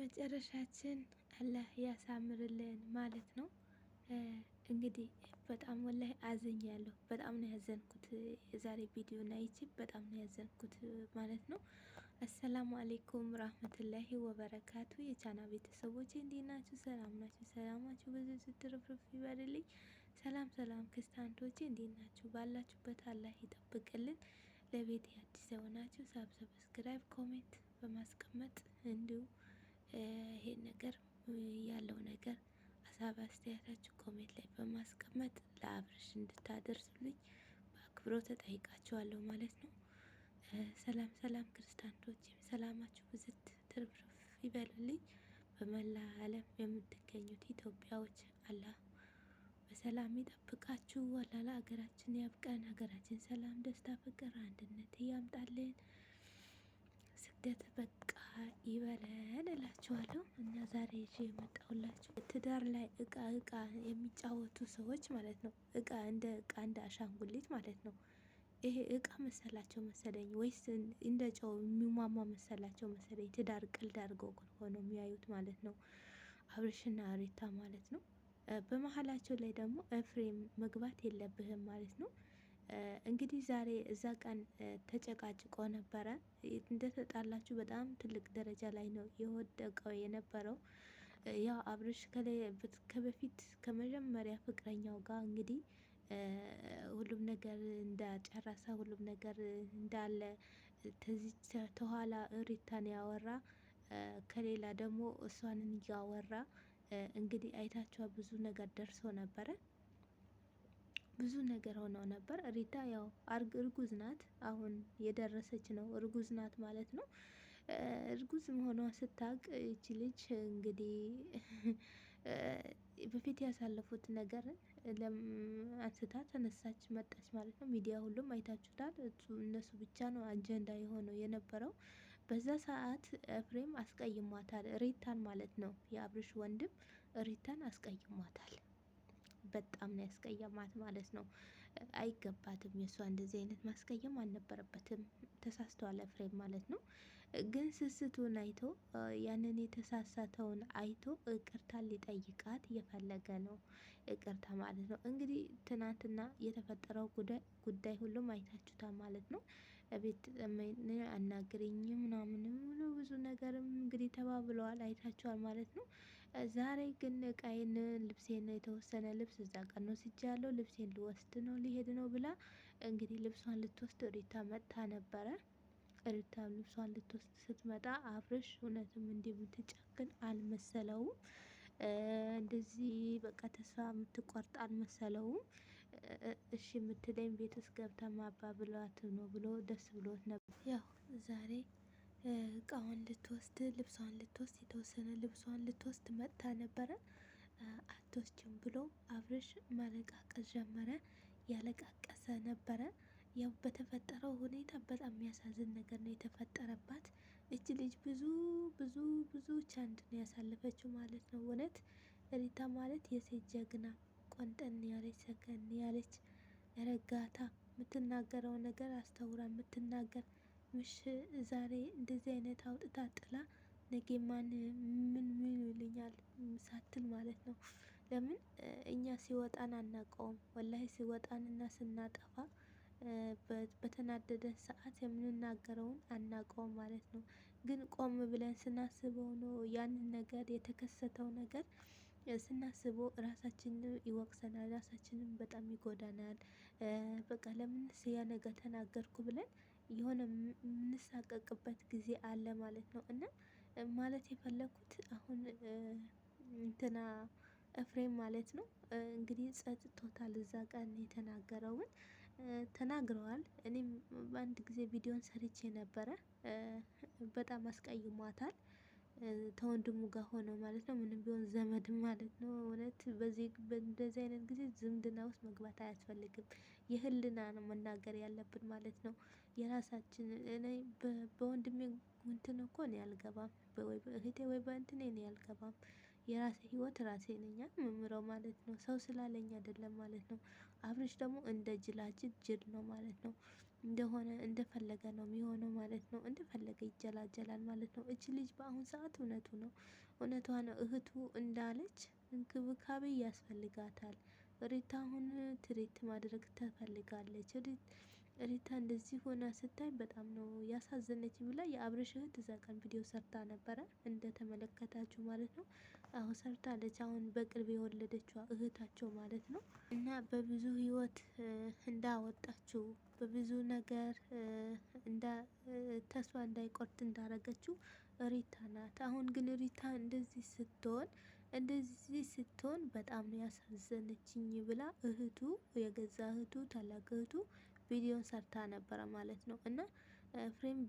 መጨረሻችን አላህ ያሳምርልን ማለት ነው። እንግዲህ በጣም ወላሂ አዝኛለሁ። በጣም ነው ያዘንኩት። የዛሬ ቪዲዮ ናይችል በጣም ነው ያዘንኩት ማለት ነው። አሰላሙ አሌይኩም ራህመቱላሂ ወበረካቱ። የቻና ቤተሰቦች እንዴት ናችሁ? ሰላም ናችሁ? ሰላማችሁ ብዙ ስትርፍርፍ ይበልልኝ። ሰላም ሰላም ክርስቲያኖች እንዴት ናችሁ? ባላችሁበት አላህ ይጠብቅልን። ለቤት አዲስ የሆናችሁ ሳብሰብስክራይብ፣ ኮሜንት በማስቀመጥ እንዲሁም ይሄን ነገር ያለው ነገር ሀሳብ አስተያየታችሁ ኮሜንት ላይ በማስቀመጥ ለአብርሽ እንድታደርሱልኝ አክብሮ ተጠይቃችኋለሁ ማለት ነው። ሰላም ሰላም ክርስቲያኖችም ሰላማችሁ ብዝት ትርፍርፍ ይበልልኝ። በመላ ዓለም የምትገኙት ኢትዮጵያዎች አላህ በሰላም ይጠብቃችሁ። አላህ ለሀገራችን ያብቀን። ሀገራችን ሰላም፣ ደስታ፣ ፍቅር፣ አንድነት እያምጣልን። ስደት በቃ ይበለን እላችኋለሁ። እና ዛሬ ይዤ የመጣሁላችሁ ትዳር ላይ እቃ እቃ የሚጫወቱ ሰዎች ማለት ነው። እቃ እንደ እቃ እንደ አሻንጉሊት ማለት ነው። ይሄ እቃ መሰላቸው መሰለኝ፣ ወይስ እንደ ጨው የሚሟሟ መሰላቸው መሰለኝ። ትዳር ቀልድ አድርገው ሆነው የሚያዩት ማለት ነው። አብርሽና ሩታ ማለት ነው። በመሀላቸው ላይ ደግሞ ኤፍሬም መግባት የለብህም ማለት ነው። እንግዲህ ዛሬ እዛ ቀን ተጨቃጭቆ ነበረ። እንደተጣላችሁ በጣም ትልቅ ደረጃ ላይ ነው የወደቀው የነበረው። ያው አብርሽ ከበፊት ከመጀመሪያ ፍቅረኛው ጋር እንግዲህ ሁሉም ነገር እንዳጨረሰ ሁሉም ነገር እንዳለ ተዚች ተኋላ ሪታን ያወራ ከሌላ ደግሞ እሷንን እያወራ እንግዲህ አይታችኋ ብዙ ነገር ደርሶ ነበረ። ብዙ ነገር ሆነው ነበር። ሪታ ያው እርጉዝ ናት፣ አሁን የደረሰች ነው እርጉዝ ናት ማለት ነው። እርጉዝ መሆኗ ስታቅ ይቺ ልጅ እንግዲህ በፊት ያሳለፉት ነገር አንስታ ተነሳች መጣች ማለት ነው። ሚዲያ ሁሉም አይታችሁታል። እነሱ ብቻ ነው አጀንዳ የሆነው የነበረው። በዛ ሰዓት ኤፍሬም አስቀይሟታል ሪታን ማለት ነው። የአብርሽ ወንድም ሪታን አስቀይሟታል። በጣም ነው ያስቀየማት ማለት ነው። አይገባትም። የእሷ እንደዚህ አይነት ማስቀየም አልነበረበትም። ተሳስተዋል ኤፍሬም ማለት ነው። ግን ስስቱን አይቶ ያንን የተሳሳተውን አይቶ እቅርታ ሊጠይቃት የፈለገ ነው። እቅርታ ማለት ነው እንግዲህ ትናንትና የተፈጠረው ጉዳይ ሁሉም አይታችሁታል ማለት ነው። ቤት ጠመኝ አናግረኝ ምናምን ብሎ ብዙ ነገርም እንግዲህ ተባብለዋል። አይታችኋል ማለት ነው። ዛሬ ግን እቃዬን፣ ልብሴን፣ የተወሰነ ልብስ እዛ ቀን ነው ያለው ልብሴን ልወስድ ነው ሊሄድ ነው ብላ እንግዲህ ልብሷን ልትወስድ ሪታ መጥታ ነበረ። ሪታ ልብሷን ልትወስድ ስትመጣ አብርሽ እውነትም እንደምትጨክን አልመሰለውም። እንደዚህ በቃ ተስፋ የምትቆርጥ አልመሰለውም። እሺ የምትለኝ ቤት ውስጥ ገብታ ማባብሏት ነው ብሎ ደስ ብሎት ነበር። ያው ዛሬ እቃዋን ልትወስድ ልብሷን ልትወስድ የተወሰነ ልብሷን ልትወስድ መጥታ ነበረ። አትወስድም ብሎ አብርሽ ማለቃቀስ ጀመረ። ያለቃቀሰ ነበረ። ያው በተፈጠረው ሁኔታ በጣም የሚያሳዝን ነገር ነው የተፈጠረባት። እች ልጅ ብዙ ብዙ ብዙ ቻንድ ነው ያሳለፈችው ማለት ነው። እውነት ሪታ ማለት የሴት ጀግና ቆንጠን ያለች ሰከን ያለች ረጋታ የምትናገረው ነገር አስተውራ የምትናገር ምሽ ዛሬ እንደዚህ አይነት አውጥታ ጥላ ነገ ማን ምን ምን ይልኛል ሳትል ማለት ነው። ለምን እኛ ሲወጣን አናውቀውም። ወላሂ ሲወጣን እና ስናጠፋ በተናደደን ሰዓት የምንናገረውን አናውቀውም ማለት ነው። ግን ቆም ብለን ስናስበው ነው ያንን ነገር የተከሰተው ነገር ስናስበው ራሳችንን ይወቅሰናል፣ ራሳችንን በጣም ይጎዳናል። በቃ ለምንስ ያ ነገር ተናገርኩ ብለን የሆነ የምንሳቀቅበት ጊዜ አለ ማለት ነው። እና ማለት የፈለኩት አሁን እንትና እፍሬም ማለት ነው እንግዲህ ጸጥቶታል። እዛ ቀን የተናገረውን ተናግረዋል። እኔም በአንድ ጊዜ ቪዲዮን ሰርቼ ነበረ። በጣም አስቀይሟታል። ተወንድሙ ጋር ሆነው ማለት ነው። ምንም ቢሆን ዘመድ ማለት ነው። እውነት በዚህ በእንደዚህ አይነት ጊዜ ዝምድና ውስጥ መግባት አያስፈልግም። የህልና ነው መናገር ያለብን ማለት ነው። የራሳችን እኔ በወንድሜ እንትን እኮ እኔ አልገባም፣ ወይ ወይ በእንትኔ እኔ አልገባም። የራሴ ህይወት ራሴ ነኝ የምምረው ማለት ነው። ሰው ስላለኝ አይደለም ማለት ነው። አብርሽ ደግሞ እንደ ጅላጅል ጅል ነው ማለት ነው። እንደሆነ እንደፈለገ ነው የሚሆነው ማለት ነው። እንደፈለገ ይጀላጀላል ማለት ነው። እች ልጅ በአሁን ሰዓት እውነቱ ነው እውነቷ ነው። እህቱ እንዳለች እንክብካቤ ያስፈልጋታል። ሪታ አሁን ትሪት ማድረግ ትፈልጋለች። ሪታ እንደዚህ ሆና ስታይ በጣም ነው ያሳዘነች ብላ የአብረሽ እህት እዛ ቀን ቪዲዮ ሰርታ ነበረ እንደተመለከታችሁ ማለት ነው። አሁን ሰርታለች። አሁን በቅርብ የወለደችው እህታቸው ማለት ነው እና በብዙ ህይወት እንዳወጣችው በብዙ ነገር ተስፋ እንዳይቆርጥ እንዳረገችው ሪታ ናት። አሁን ግን ሪታ እንደዚህ ስትሆን እንደዚህ ስትሆን በጣም ነው ያሳዘነችኝ ብላ እህቱ የገዛ እህቱ ታላቅ እህቱ ቪዲዮን ሰርታ ነበረ ማለት ነው እና ፍሬም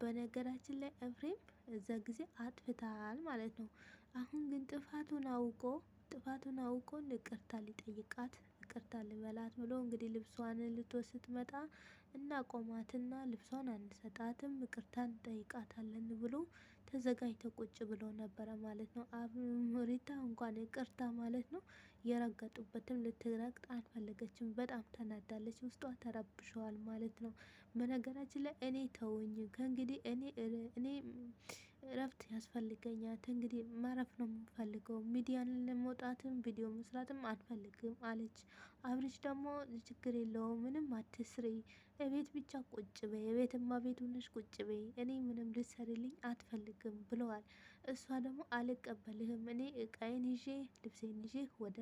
በነገራችን ላይ ኤፍሬም እዛ ጊዜ አጥፍታል ማለት ነው። አሁን ግን ጥፋቱን አውቆ ጥፋቱን አውቆ ይቅርታ ሊጠይቃት ይቅርታ ልበላት ብሎ እንግዲህ ልብሷን ልትወስድ መጣ እና ልብሷን አንሰጣትም ይቅርታ እንጠይቃታለን ብሎ ተዘጋጅቶ ቁጭ ብሎ ነበረ ማለት ነው። ሪታ እንኳን ይቅርታ ማለት ነው የረገጡበትም ልትረግጥ አልፈለገችም። በጣም ተናዳለች። ውስጧ ተረብሸዋል ማለት ነው። በነገራችን ላይ እኔ ተውኝ፣ ከእንግዲህ እኔ እኔ እረፍት ያስፈልገኛል። እንግዲህ ማረፍ ነው የምንፈልገው። ሚዲያን ለመውጣትም ቪዲዮ መስራትም አልፈልግም አለች። አብርሽ ደግሞ ችግር የለውም ምንም አትስሪ፣ እቤት ብቻ ቁጭ በይ፣ እቤትማ ቤት ሆነሽ ቁጭ በይ፣ እኔ ምንም ልትሰሪልኝ አትፈልግም ብለዋል። እሷ ደግሞ አልቀበልህም፣ እኔ እቃዬን ይዤ ልብሴን ይዤ ወደ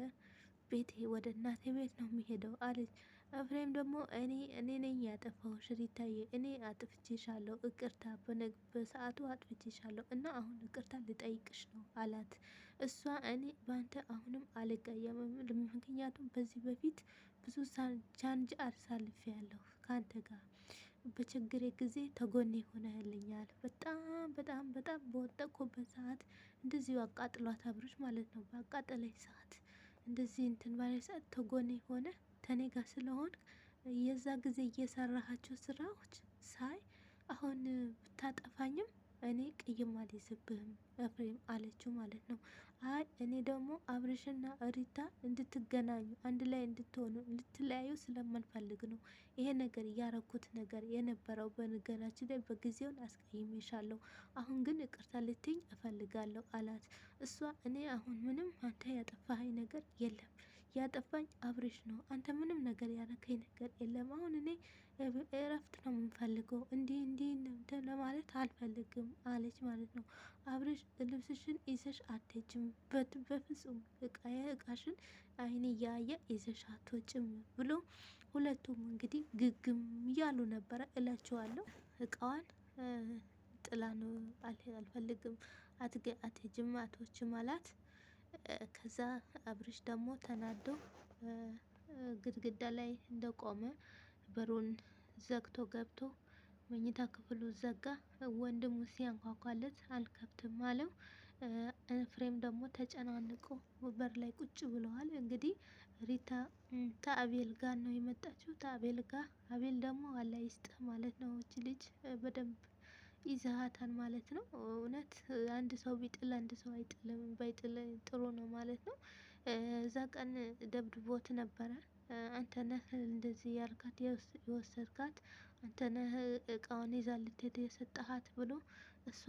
ቤቴ ወደ እናቴ ቤት ነው የሚሄደው አለች። ኤፍሬም ደግሞ እኔ እኔ ነኝ ያጠፋው ሪታዬ፣ እኔ አጥፍቼሻለሁ፣ ይቅርታ በሰዓቱ አጥፍቼሻለሁ እና አሁን እቅርታ ልጠይቅሽ ነው አላት። እሷ እኔ በአንተ አሁንም አልቀየምም፣ ምክንያቱም በዚህ በፊት ብዙ ቻንጅ አሳልፌ ያለሁ ከአንተ ጋር በችግሬ ጊዜ ተጎኔ ሆነህልኛል። በጣም በጣም በጣም በወጠቅኩበት ሰዓት እንደዚሁ አቃጥሏት አብሮች ማለት ነው። በአቃጠለኝ ሰዓት እንደዚህ እንትን ባለ ሰዓት ተጎኔ ሆነ ጋር ስለሆን የዛ ጊዜ እየሰራሃቸው ስራዎች ሳይ አሁን ብታጠፋኝም እኔ ቅይም አልይዝብህም ኤፍሬም አለችው ማለት ነው። አይ እኔ ደግሞ አብርሽና ሪታ እንድትገናኙ አንድ ላይ እንድትሆኑ እንድትለያዩ ስለማልፈልግ ነው ይሄ ነገር እያረኩት ነገር የነበረው። በነገራችን ላይ በጊዜውን አስቀይሜሻለሁ፣ አሁን ግን ይቅርታ ልትኝ እፈልጋለሁ አላት። እሷ እኔ አሁን ምንም አንተ ያጠፋኸኝ ነገር የለም ያጠፋኝ አብርሽ ነው። አንተ ምንም ነገር ያረከኝ ነገር የለም። አሁን እኔ እረፍት ነው የምንፈልገው፣ እንዲህ እንዲህ ለማለት አልፈልግም አለች ማለት ነው። አብርሽ ልብስሽን ይዘሽ አትሄጂም፣ በፍጹም እቃዬ እቃሽን አይን እያየ ይዘሽ አትወጭም ብሎ ሁለቱም እንግዲህ ግግም እያሉ ነበረ እላችኋለሁ። እቃዋን ጥላ ነው አልፈልግም፣ አትሄጂም፣ አትወጭም አላት። ከዛ አብርሽ ደግሞ ተናዶ ግድግዳ ላይ እንደቆመ በሩን ዘግቶ ገብቶ መኝታ ክፍሉ ዘጋ። ወንድሙ ሲያንኳኳለት አልከብትም አለው። ፍሬም ደግሞ ተጨናንቆ በር ላይ ቁጭ ብለዋል። እንግዲህ ሪታ ተአቤል ጋር ነው የመጣችው። ተአቤል ጋር አቤል ደግሞ አላይስጥ ማለት ነው። እች ልጅ በደንብ ይዛሃታል ማለት ነው። እውነት አንድ ሰው ቢጥል አንድ ሰው አይጥልም ባይጥል ጥሩ ነው ማለት ነው። እዛ ቀን ደብድቦት ነበረ። አንተ ነህ እንደዚህ ያልካት የወሰድካት፣ አንተ ነህ እቃውን ይዛ ልትሄድ የሰጠሃት ብሎ እሷ